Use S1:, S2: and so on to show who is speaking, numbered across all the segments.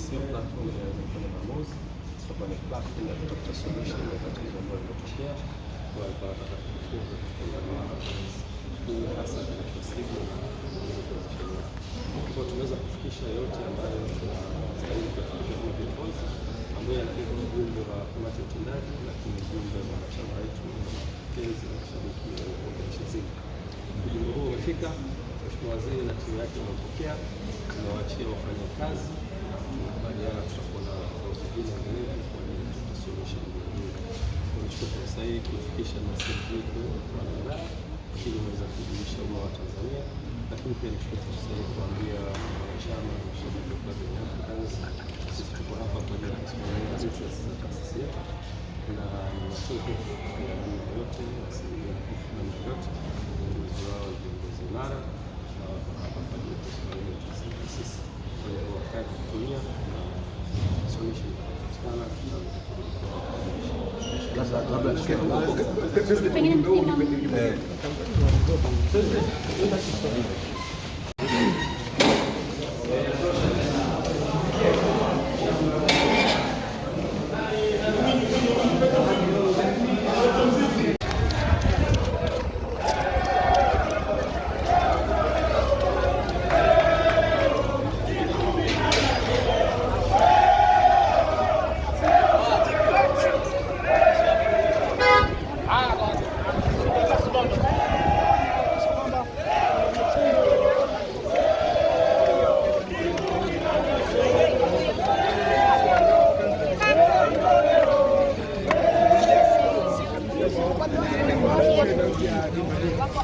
S1: sio platform inaweza kufanya maamuzi, sababu ni platform ya kutafuta solution ya tatizo ambalo limetokea kwa kwa nataka kufunza kutoka kwa hii hasa kinachosibu kwa tunaweza kufikisha yote ambayo tunastahili kufikisha kwa viongozi ambayo yanakuwa ujumbe wa kamati ya utendaji, lakini ujumbe wa wanachama wetu wakurugenzi na mashabiki wa nchi nzima. Ujumbe huu umefika. Mheshimiwa Waziri na timu yake wamepokea, tunawaachia wafanye kazi habari yala tutakuwa na wengine endelevu kwa ajili ya tutasomesha tunachukua fursa hii kufikisha message yetu kwa wanadamu ili waweza kujulisha umma wa Tanzania, lakini pia nichukue fursa hii kuambia wanachama wa Chama cha Club Young Africans, sisi tuko hapa kwa ajili ya kusimamia interest za taasisi yetu na niwashukuru ya namna yote, asilimia kifu namna yote, viongozi wao viongozi imara na wako hapa Pengine msingi eh.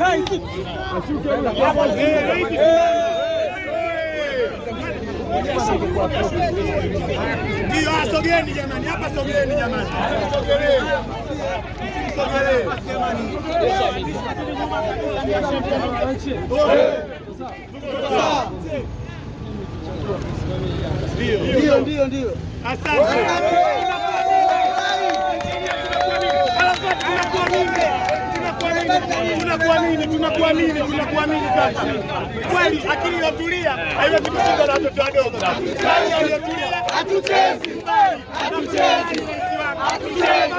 S1: Assim que eu Ndio, asogeni jamani, hapa sogeni jamani. Ndio, ndio, ndio.
S2: Asante.
S1: Tunakuamini, tunakuamini, tunakuamini kweli. Akili iliyotulia haiwezi kushinda na watoto wadogo. Hatuchezi, hatuchezi,
S2: hatuchezi.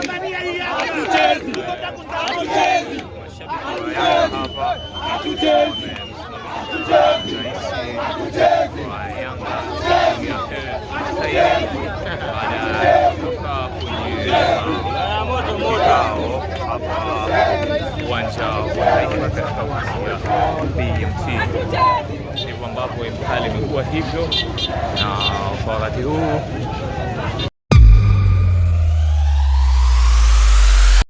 S1: uwanja wa Taifa katika uwanja wa BMT. Ndivyo ambavyo hali imekuwa hivyo, na kwa wakati huu